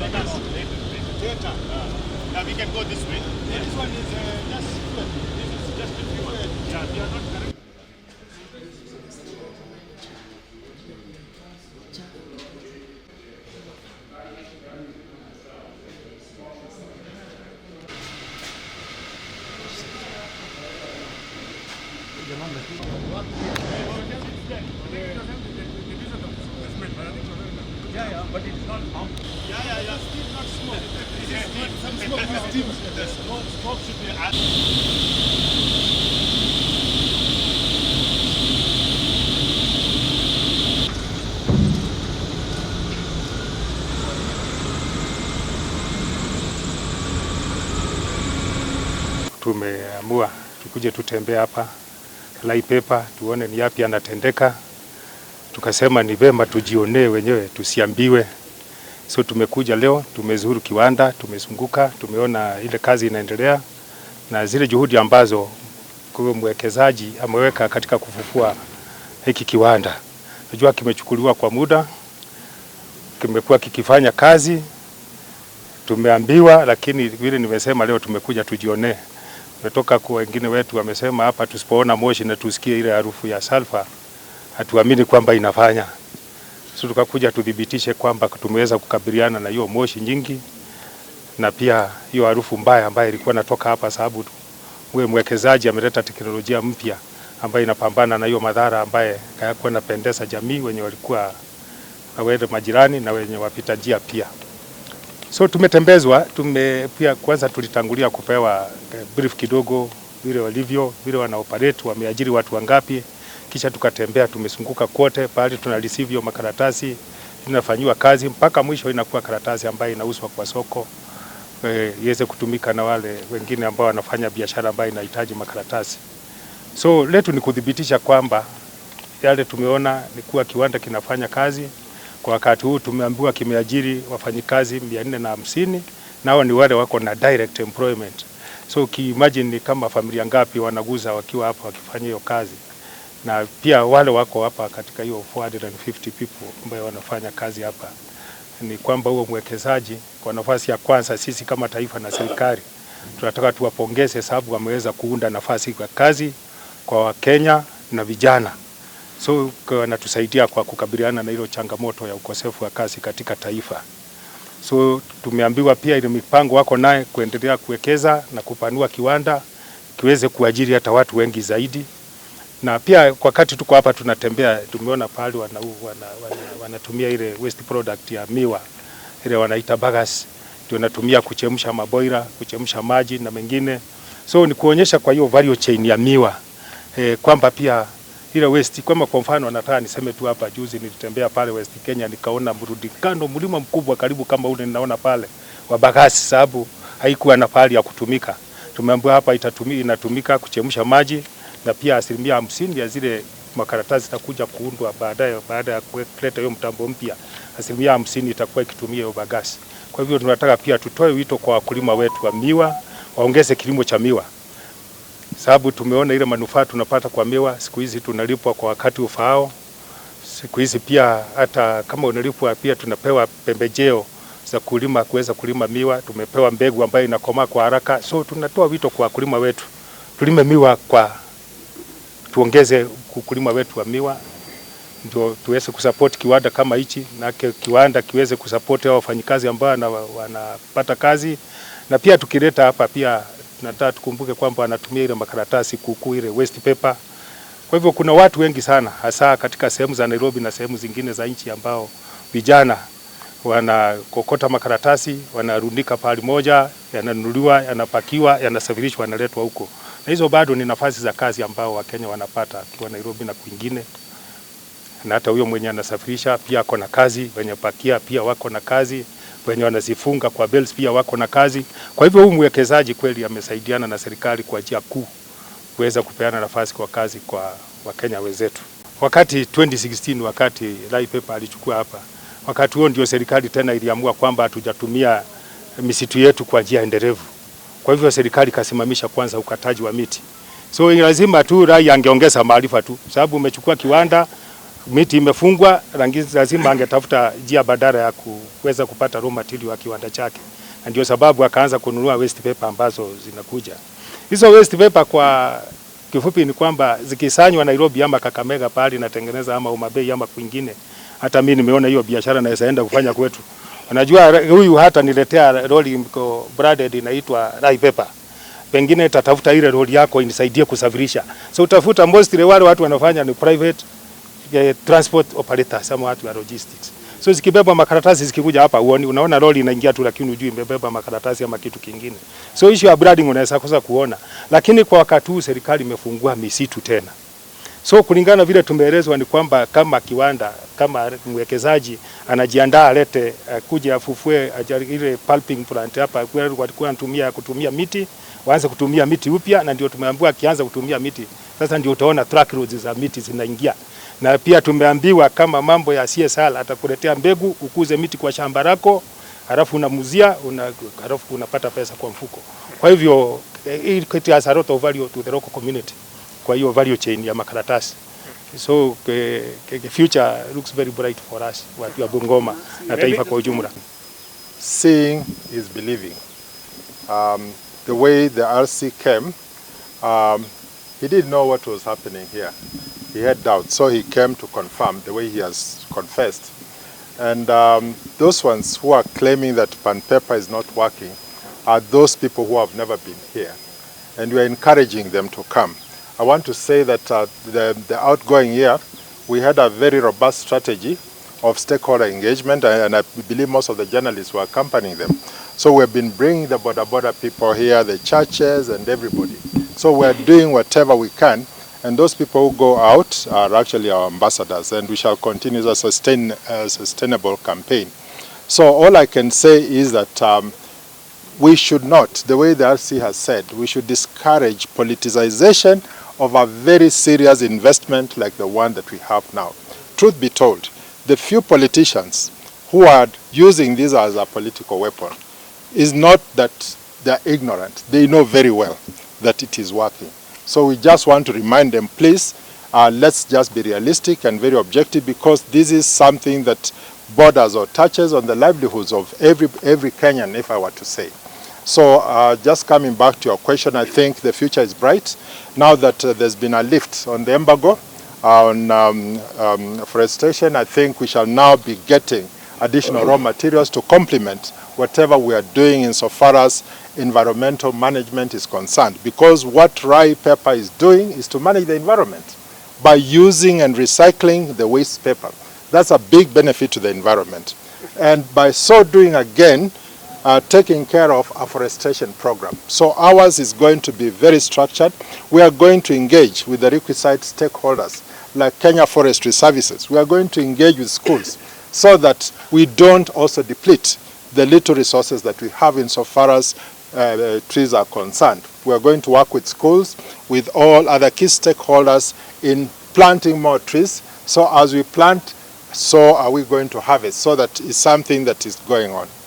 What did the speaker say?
let us we can go this way. Yeah. This one is uh, just fuel. This is just a fuel. Yeah, we are not correct. Yeah, yeah, but it's not harmful. Yeah, yeah, yeah. Still not smoke. Some smoke steam. The smoke, smoke should be Tumeamua tukuje tutembee hapa Laipepa tuone ni yapi anatendeka tukasema ni vema tujionee wenyewe, tusiambiwe. So tumekuja leo, tumezuru kiwanda, tumezunguka, tumeona ile kazi inaendelea na zile juhudi ambazo huyo mwekezaji ameweka katika kufufua hiki kiwanda. Najua kimechukuliwa kwa muda, kimekuwa kikifanya kazi, tumeambiwa, lakini vile nimesema leo tumekuja tujionee. metoka kwa wengine wetu wamesema hapa tusipoona moshi na tusikie ile harufu ya sulfur hatuamini kwamba inafanya. Sisi tukakuja tudhibitishe kwamba tumeweza kukabiliana na hiyo moshi nyingi na pia hiyo harufu mbaya ambayo ilikuwa natoka hapa, sababu uwe mwekezaji ameleta teknolojia mpya ambayo inapambana na hiyo madhara ambaye hayakuwa napendeza jamii wenye walikuwa wale majirani na wenye wapita njia pia. So tumetembezwa tume, pia kwanza tulitangulia kupewa eh, brief kidogo, vile walivyo vile wana operate, wameajiri watu wangapi kisha tukatembea, tumezunguka kote pale, tuna receive hiyo makaratasi, inafanyiwa kazi mpaka mwisho inakuwa karatasi ambayo inauzwa kwa soko e, iweze e, kutumika na wale wengine ambao wanafanya biashara ambayo inahitaji makaratasi. So letu ni kudhibitisha kwamba yale tumeona ni kuwa kiwanda kinafanya kazi kwa wakati huu. Tumeambiwa kimeajiri wafanyikazi mia nne na hamsini nao ni wale wako na direct employment. So imagine ni kama familia ngapi wanaguza wakiwa hapa wakifanya hiyo kazi na pia wale wako hapa katika hiyo 450 people ambao wanafanya kazi hapa, ni kwamba huo mwekezaji, kwa nafasi ya kwanza, sisi kama taifa na serikali tunataka tuwapongeze, sababu wameweza kuunda nafasi ya kazi kwa Wakenya na vijana, so wanatusaidia kwa kukabiliana na hilo changamoto ya ukosefu wa kazi katika taifa. So tumeambiwa pia ile mipango wako naye kuendelea kuwekeza na kupanua kiwanda kiweze kuajiri hata watu wengi zaidi na pia wakati tuko hapa tunatembea, tumeona pahali wanatumia wana, wana, wana ile waste product ya miwa ile wanaita bagasse, tunatumia kuchemsha maboira, kuchemsha maji na mengine, so ni kuonyesha kwa hiyo value chain ya miwa eh, kwamba pia ile waste kama kwa mfano nataka niseme tu hapa, juzi nilitembea pale West Kenya nikaona mrudikano mlima mkubwa karibu kama ule ninaona pale wa bagasse, sababu haikuwa na pahali ya kutumika. Tumeambiwa hapa itatumika, inatumika kuchemsha maji na pia asilimia hamsini ya zile makaratasi zitakuja kuundwa baadaye, baada ya kuleta hiyo mtambo mpya, asilimia hamsini itakuwa ikitumia hiyo bagasi. Kwa hivyo tunataka pia tutoe wito kwa wakulima wetu wa miwa waongeze kilimo cha miwa, sababu tumeona ile manufaa tunapata kwa miwa. Siku hizi tunalipwa kwa wakati ufaao. Siku hizi pia hata kama unalipwa pia tunapewa pembejeo za kulima kuweza kulima miwa, tumepewa mbegu ambayo inakomaa kwa haraka. So tunatoa wito kwa wakulima wetu tulime miwa kwa tuongeze ukulima wetu wa miwa ndio tuweze kusupport kiwanda kama hichi na kiwanda kiweze kusupport hao wafanyikazi ambao wanapata kazi, na pia tukileta hapa pia tunataka tukumbuke kwamba anatumia ile makaratasi kuku ile waste paper. Kwa hivyo kuna watu wengi sana hasa katika sehemu za Nairobi na sehemu zingine za nchi ambao vijana wanakokota makaratasi wanarundika pahali moja, yananunuliwa, yanapakiwa, yanasafirishwa, yanaletwa huko na hizo bado ni nafasi za kazi ambao Wakenya wanapata akiwa Nairobi na kwingine, na hata huyo mwenye anasafirisha pia ako na kazi, wenye pakia pia wako na kazi, wenye wanazifunga kwa bells pia wako na kazi. Kwa hivyo huyu mwekezaji kweli amesaidiana na serikali kwa njia kuu kuweza kupeana nafasi kwa kazi kwa Wakenya wenzetu. Wakati 2016 wakati Rai Pepa alichukua hapa, wakati huo ndio serikali tena iliamua kwamba hatujatumia misitu yetu kwa njia endelevu. Kwa hivyo serikali kasimamisha kwanza ukataji wa miti, so lazima tu Rai angeongeza maarifa tu, sababu umechukua kiwanda, miti imefungwa, lazima angetafuta njia badala ya kuweza kupata raw material wa kiwanda chake, na ndio sababu akaanza kununua waste paper ambazo zinakuja hizo waste paper kwa kifupi ni kwamba zikisanywa Nairobi ama Kakamega pale natengeneza ama Umabei ama kwingine. Hata mimi nimeona hiyo biashara naweza enda kufanya kwetu. Unajua huyu hata niletea roli mko branded inaitwa Rai Pepper. Pengine tatafuta ile roli yako inisaidie kusafirisha. So utafuta most ile wale watu wanafanya ni private eh, transport operator ama watu wa logistics. So zikibeba makaratasi zikikuja hapa uone, unaona roli inaingia tu, lakini unajui imebeba makaratasi ama kitu kingine. So issue ya branding unaweza kosa kuona, lakini kwa wakati huu serikali imefungua misitu tena. So kulingana vile tumeelezwa ni kwamba kama kiwanda kama mwekezaji anajiandaa alete eh, kuja afufue ile pulping plant hapa, walikuwa kutumia miti, waanze kutumia miti upya, na ndio tumeambiwa akianza kutumia miti sasa ndio utaona truck roads za miti zinaingia, na pia tumeambiwa kama mambo ya CSR atakuletea mbegu ukuze miti kwa shamba lako, halafu unamuzia una, halafu unapata pesa kwa mfuko. Kwa hivyo it has a lot of value to the local community kwa hiyo value chain ya makaratasi. So the future looks very bright for us watu wa Bungoma na taifa kwa ujumla. Seeing is believing. Um, the way the RC came, um, he didn't know what was happening here. He had doubts, so he came to confirm the way he has confessed. And um, those ones who are claiming that Pan paper is not working are those people who have never been here. And we are encouraging them to come. I want to say that uh, the, the, outgoing year, we had a very robust strategy of stakeholder engagement, and I believe most of the journalists were accompanying them. So we've been bringing the border border people here, the churches and everybody. So we're doing whatever we can, and those people who go out are actually our ambassadors, and we shall continue to sustain, uh, sustainable campaign. So all I can say is that um, we should not, the way the RC has said, we should discourage politicization of a very serious investment like the one that we have now. Truth be told, the few politicians who are using this as a political weapon is not that they're ignorant. They know very well that it is working. So we just want to remind them, please, uh, let's just be realistic and very objective because this is something that borders or touches on the livelihoods of every, every Kenyan, if I were to say. So uh, just coming back to your question, I think the future is bright. Now that uh, there's been a lift on the embargo uh, on um, um, forestation, I think we shall now be getting additional raw materials to complement whatever we are doing insofar as environmental management is concerned. Because what rye paper is doing is to manage the environment by using and recycling the waste paper. That's a big benefit to the environment. And by so doing again, uh, taking care of afforestation program. So ours is going to be very structured. We are going to engage with the requisite stakeholders like Kenya Forestry Services. We are going to engage with schools so that we don't also deplete the little resources that we have insofar as uh, trees are concerned. We are going to work with schools, with all other key stakeholders in planting more trees. So as we plant, so are we going to harvest. So that is something that is going on.